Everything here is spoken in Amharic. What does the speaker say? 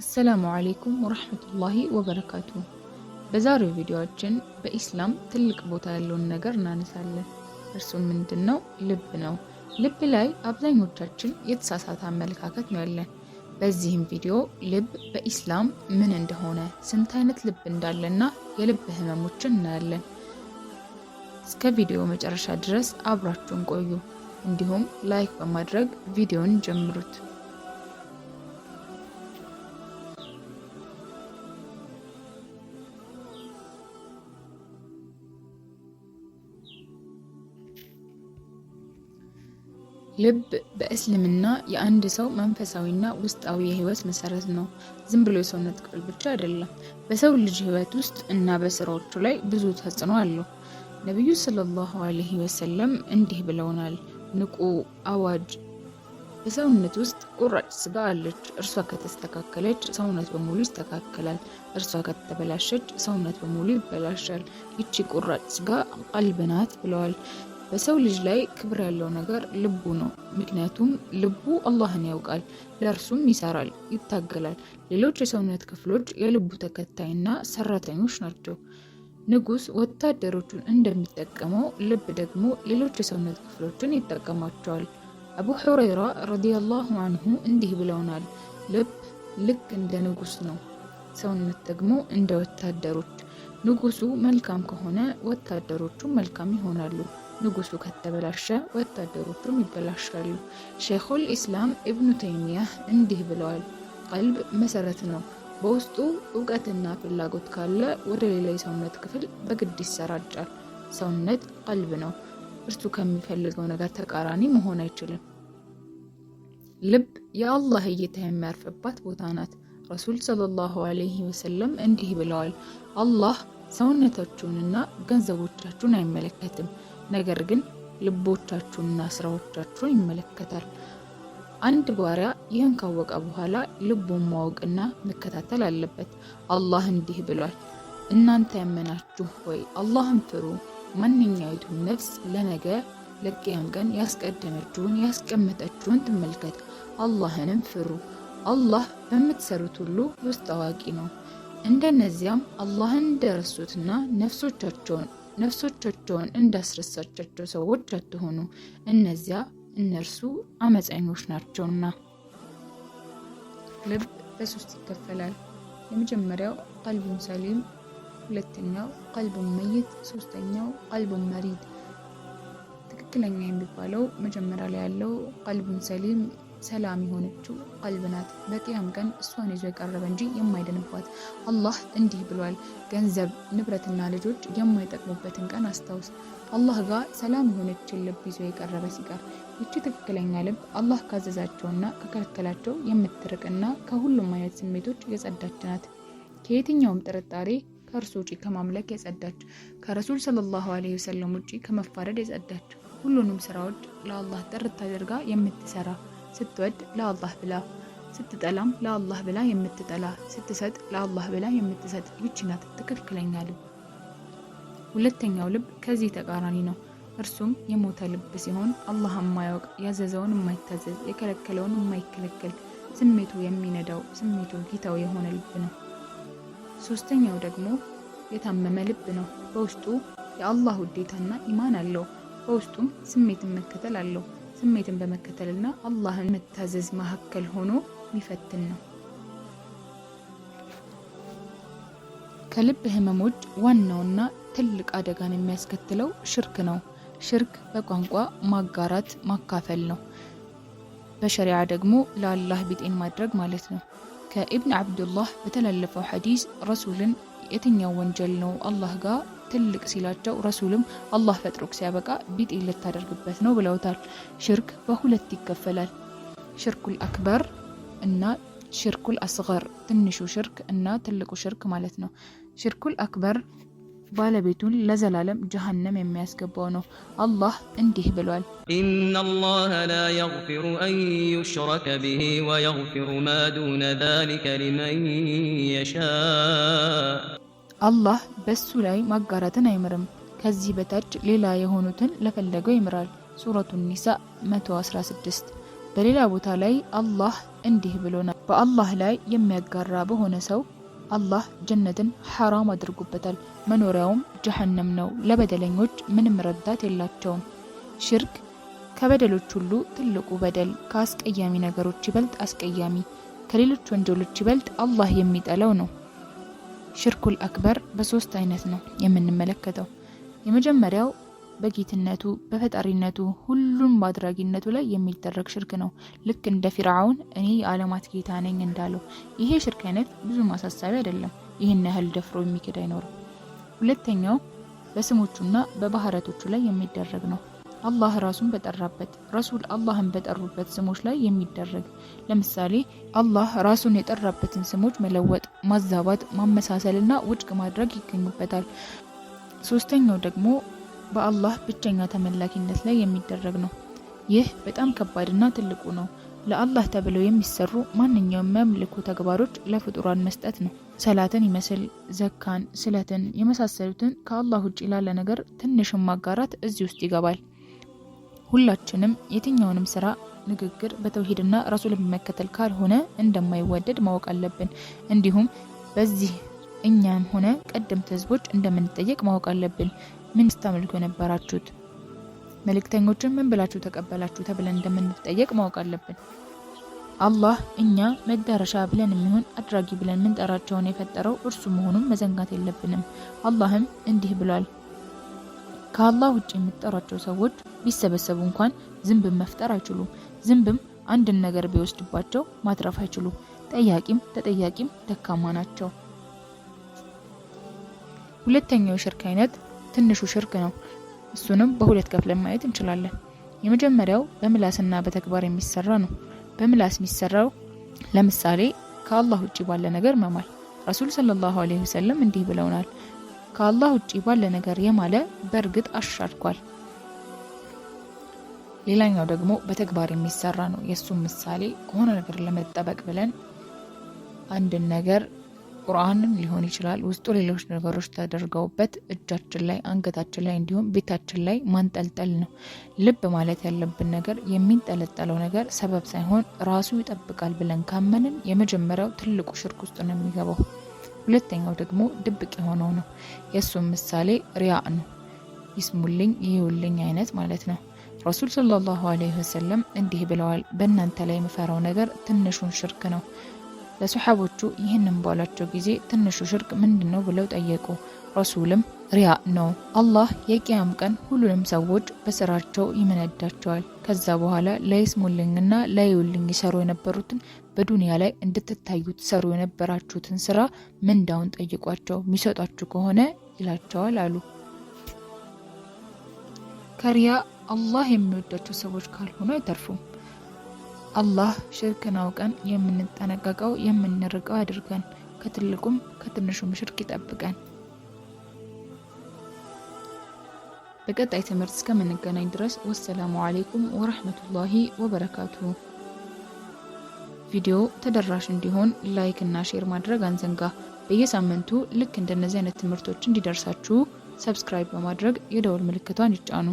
አሰላሙ አሌይኩም ወረህመቱላሂ ወበረካቱ። በዛሬው ቪዲዮአችን በኢስላም ትልቅ ቦታ ያለውን ነገር እናነሳለን። እርሱም ምንድን ነው? ልብ ነው። ልብ ላይ አብዛኞቻችን የተሳሳተ አመለካከት ነው ያለን። በዚህም ቪዲዮ ልብ በኢስላም ምን እንደሆነ፣ ስንት አይነት ልብ እንዳለና የልብ ህመሞችን እናያለን። እስከ ቪዲዮ መጨረሻ ድረስ አብራችሁን ቆዩ። እንዲሁም ላይክ በማድረግ ቪዲዮን ጀምሩት። ልብ በእስልምና የአንድ ሰው መንፈሳዊና ውስጣዊ የህይወት መሰረት ነው። ዝም ብሎ የሰውነት ክፍል ብቻ አይደለም። በሰው ልጅ ህይወት ውስጥ እና በስራዎቹ ላይ ብዙ ተጽዕኖ አለው። ነቢዩ ሰለላሁ አለይሂ ወሰለም እንዲህ ብለውናል፣ ንቁ አዋጅ! በሰውነት ውስጥ ቁራጭ ስጋ አለች። እርሷ ከተስተካከለች ሰውነት በሙሉ ይስተካከላል። እርሷ ከተበላሸች ሰውነት በሙሉ ይበላሻል። ይቺ ቁራጭ ስጋ ቀልብ ናት ብለዋል። በሰው ልጅ ላይ ክብር ያለው ነገር ልቡ ነው። ምክንያቱም ልቡ አላህን ያውቃል፣ ለእርሱም ይሰራል፣ ይታገላል። ሌሎች የሰውነት ክፍሎች የልቡ ተከታይና ሰራተኞች ናቸው። ንጉስ ወታደሮቹን እንደሚጠቀመው ልብ ደግሞ ሌሎች የሰውነት ክፍሎችን ይጠቀማቸዋል። አቡ ሁረይራ ረዲያላሁ አንሁ እንዲህ ብለውናል፣ ልብ ልክ እንደ ንጉስ ነው፣ ሰውነት ደግሞ እንደ ወታደሮች። ንጉሱ መልካም ከሆነ ወታደሮቹ መልካም ይሆናሉ። ንጉሱ ከተበላሸ ወታደሮቹም ይበላሻሉ። ሼኹል ኢስላም ኢብኑ ተይሚያ እንዲህ ብለዋል፣ ቀልብ መሰረት ነው። በውስጡ እውቀትና ፍላጎት ካለ ወደ ሌላ የሰውነት ክፍል በግድ ይሰራጫል። ሰውነት ቀልብ ነው። እርሱ ከሚፈልገው ነገር ተቃራኒ መሆን አይችልም። ልብ የአላህ እይታ የሚያርፍባት ቦታ ናት። ረሱል ሰለላሁ አለይህ ወሰለም እንዲህ ብለዋል፣ አላህ ሰውነታችሁንና ገንዘቦቻችሁን አይመለከትም ነገር ግን ልቦቻችሁንና ስራዎቻችሁን ይመለከታል። አንድ ባሪያ ይህን ካወቀ በኋላ ልቡን ማወቅና መከታተል አለበት። አላህ እንዲህ ብሏል፣ እናንተ ያመናችሁ ሆይ አላህን ፍሩ። ማንኛይቱም ነፍስ ለነገ ለቅያም ቀን ያስቀደመችውን ያስቀመጠችውን ትመልከት። አላህንም ፍሩ። አላህ በምትሰሩት ሁሉ ውስጥ አዋቂ ነው። እንደነዚያም አላህን እንደረሱትና ነፍሶቻቸውን ነፍሶቻቸውን እንዳስረሳቻቸው ሰዎች አትሆኑ፣ እነዚያ እነርሱ አመፀኞች ናቸውና። ልብ በሶስት ይከፈላል። የመጀመሪያው ቀልቡን ሰሊም፣ ሁለተኛው ቀልቡን መይት፣ ሶስተኛው ቀልቡን መሪድ። ትክክለኛ የሚባለው መጀመሪያ ላይ ያለው ቀልቡን ሰሊም ሰላም የሆነችው ቀልብ ናት። በቅያም ቀን እሷን ይዞ የቀረበ እንጂ የማይደንባት። አላህ እንዲህ ብሏል፣ ገንዘብ ንብረትና ልጆች የማይጠቅሙበትን ቀን አስታውስ። አላህ ጋር ሰላም የሆነችን ልብ ይዞ የቀረበ ሲቀር ይቺ ትክክለኛ ልብ አላህ ካዘዛቸውና ከከለከላቸው የምትርቅና ከሁሉም አይነት ስሜቶች የጸዳች ናት። ከየትኛውም ጥርጣሬ ከእርሱ ውጪ ከማምለክ የጸዳች፣ ከረሱል ሰለላሁ ዐለይሂ ወሰለም ውጪ ከመፋረድ የጸዳች፣ ሁሉንም ስራዎች ለአላህ ጥርት አድርጋ የምትሰራ ስትወድ ለአላህ ብላ ስትጠላም ለአላህ ብላ የምትጠላ ስትሰጥ ለአላህ ብላ የምትሰጥ ይቺ ናት ትክክለኛ ልብ። ሁለተኛው ልብ ከዚህ ተቃራኒ ነው። እርሱም የሞተ ልብ ሲሆን አላህ የማያውቅ ያዘዘውን የማይታዘዝ የከለከለውን የማይከለከል ስሜቱ የሚነዳው ስሜቱ ጌታው የሆነ ልብ ነው። ሶስተኛው ደግሞ የታመመ ልብ ነው። በውስጡ የአላህ ውዴታና ኢማን አለው። በውስጡም ስሜትን መከተል አለው። ስሜትን በመከተልና አላህን መታዘዝ መካከል ሆኖ የሚፈትን ነው። ከልብ ህመሞች ዋናውና ትልቅ አደጋን የሚያስከትለው ሽርክ ነው። ሽርክ በቋንቋ ማጋራት፣ ማካፈል ነው። በሸሪዓ ደግሞ ለአላህ ቢጤን ማድረግ ማለት ነው። ከኢብን አብዱላህ በተላለፈው ሐዲስ ረሱልን የትኛው ወንጀል ነው አላህ ጋር ትልቅ ሲላቸው ረሱልም አላህ ፈጥሮክ ሲያበቃ ቢጤ ልታደርግበት ነው ብለውታል። ሽርክ በሁለት ይከፈላል፣ ሽርኩል አክበር እና ሽርኩል አስገር፣ ትንሹ ሽርክ እና ትልቁ ሽርክ ማለት ነው። ሽርኩል አክበር ባለቤቱን ለዘላለም ጀሀነም የሚያስገባው ነው። አላህ እንዲህ ብሏል፣ ኢነላህ ላ የግፊሩ አን ዩሽረከ ብሂ ወየግፊሩ ማ ዱነ ዛሊከ ሊመን የሻእ አላህ በሱ ላይ ማጋራትን አይምርም። ከዚህ በታች ሌላ የሆኑትን ለፈለገው ይምራል። ሱረቱ ኒሳ 116 በሌላ ቦታ ላይ አላህ እንዲህ ብሎናል፣ በአላህ ላይ የሚያጋራ በሆነ ሰው አላህ ጀነትን ሐራም አድርጎበታል፣ መኖሪያውም ጀሀነም ነው። ለበደለኞች ምንም ረዳት የላቸውም። ሽርክ ከበደሎች ሁሉ ትልቁ በደል፣ ከአስቀያሚ ነገሮች ይበልጥ አስቀያሚ፣ ከሌሎች ወንጀሎች ይበልጥ አላህ የሚጠላው ነው። ሽርኩል አክበር በሶስት አይነት ነው የምንመለከተው። የመጀመሪያው በጌትነቱ በፈጣሪነቱ ሁሉን በአድራጊነቱ ላይ የሚደረግ ሽርክ ነው። ልክ እንደ ፊርዓውን እኔ የዓለማት ጌታ ነኝ እንዳለው። ይሄ ሽርክ አይነት ብዙ ማሳሳቢ አይደለም። ይህን ያህል ደፍሮ የሚክድ አይኖርም። ሁለተኛው በስሞቹና በባህረቶቹ ላይ የሚደረግ ነው። አላህ ራሱን በጠራበት ረሱል አላህን በጠሩበት ስሞች ላይ የሚደረግ ለምሳሌ አላህ ራሱን የጠራበትን ስሞች መለወጥ፣ ማዛባት፣ ማመሳሰልና ውድቅ ማድረግ ይገኙበታል። ሶስተኛው ደግሞ በአላህ ብቸኛ ተመላኪነት ላይ የሚደረግ ነው። ይህ በጣም ከባድና ትልቁ ነው። ለአላህ ተብለው የሚሰሩ ማንኛውም የአምልኮ ተግባሮች ለፍጡራን መስጠት ነው። ሰላትን ይመስል ዘካን፣ ስለትን የመሳሰሉትን ከአላህ ውጭ ላለ ነገር ትንሽም ማጋራት እዚህ ውስጥ ይገባል። ሁላችንም የትኛውንም ስራ ንግግር በተውሂድና ረሱልን መከተል ካልሆነ እንደማይወደድ ማወቅ አለብን። እንዲሁም በዚህ እኛም ሆነ ቀደምት ህዝቦች እንደምንጠየቅ ማወቅ አለብን። ምን ስታመልኩ የነበራችሁት መልእክተኞችን ምን ብላችሁ ተቀበላችሁ ተብለን እንደምንጠየቅ ማወቅ አለብን። አላህ እኛ መዳረሻ ብለን የሚሆን አድራጊ ብለን ምንጠራቸውን የፈጠረው እርሱ መሆኑን መዘንጋት የለብንም። አላህም እንዲህ ብሏል ከአላህ ውጭ የሚጠሯቸው ሰዎች ቢሰበሰቡ እንኳን ዝንብ መፍጠር አይችሉም። ዝንብም አንድን ነገር ቢወስድባቸው ማትረፍ አይችሉም። ጠያቂም ተጠያቂም ደካማ ናቸው። ሁለተኛው የሽርክ አይነት ትንሹ ሽርክ ነው። እሱንም በሁለት ከፍለን ማየት እንችላለን። የመጀመሪያው በምላስና በተግባር የሚሰራ ነው። በምላስ የሚሰራው ለምሳሌ ከአላህ ውጭ ባለ ነገር መማል። ረሱል ሰለላሁ ዐለይሂ ወሰለም እንዲህ ብለውናል ከአላህ ውጪ ባለ ነገር የማለ በእርግጥ አሻርኳል። ሌላኛው ደግሞ በተግባር የሚሰራ ነው። የእሱም ምሳሌ ከሆነ ነገር ለመጠበቅ ብለን አንድን ነገር ቁርአንን ሊሆን ይችላል ውስጡ ሌሎች ነገሮች ተደርገውበት እጃችን ላይ አንገታችን ላይ እንዲሁም ቤታችን ላይ ማንጠልጠል ነው። ልብ ማለት ያለብን ነገር የሚንጠለጠለው ነገር ሰበብ ሳይሆን ራሱ ይጠብቃል ብለን ካመንን የመጀመሪያው ትልቁ ሽርክ ውስጥ ነው የሚገባው። ሁለተኛው ደግሞ ድብቅ የሆነው ነው። የእሱም ምሳሌ ሪያእ ነው። ይስሙልኝ ይውልኝ አይነት ማለት ነው። ረሱል ሰለላሁ አለይሂ ወሰለም እንዲህ ብለዋል፣ በእናንተ ላይ የምፈራው ነገር ትንሹን ሽርክ ነው። ለሰሓቦቹ ይህንን ባሏቸው ጊዜ ትንሹ ሽርክ ምንድን ነው ብለው ጠየቁ። ረሱልም ሪያ ነው፣ አላህ የቅያም ቀን ሁሉንም ሰዎች በስራቸው ይመነዳቸዋል። ከዛ በኋላ ለይስሙልኝና ለይውልኝ ይሰሩ የነበሩትን በዱንያ ላይ እንድትታዩ ትሰሩ የነበራችሁትን ስራ ምንዳውን ጠይቋቸው የሚሰጧችሁ ከሆነ ይላቸዋል አሉ። ከሪያ አላህ የሚወዳቸው ሰዎች ካልሆኑ አይተርፉም። አላህ ሽርክን አውቀን የምንጠነቀቀው የምንርቀው ያድርገን። ከትልቁም ከትንሹም ሽርክ ይጠብቀን። በቀጣይ ትምህርት እስከምንገናኝ ድረስ ወሰላሙ አሌይኩም ወረህመቱላሂ ወበረካቱ። ቪዲዮ ተደራሽ እንዲሆን ላይክ እና ሼር ማድረግ አንዘንጋ። በየሳምንቱ ልክ እንደነዚህ አይነት ትምህርቶች እንዲደርሳችሁ ሰብስክራይብ በማድረግ የደወል ምልክቷን ይጫኑ።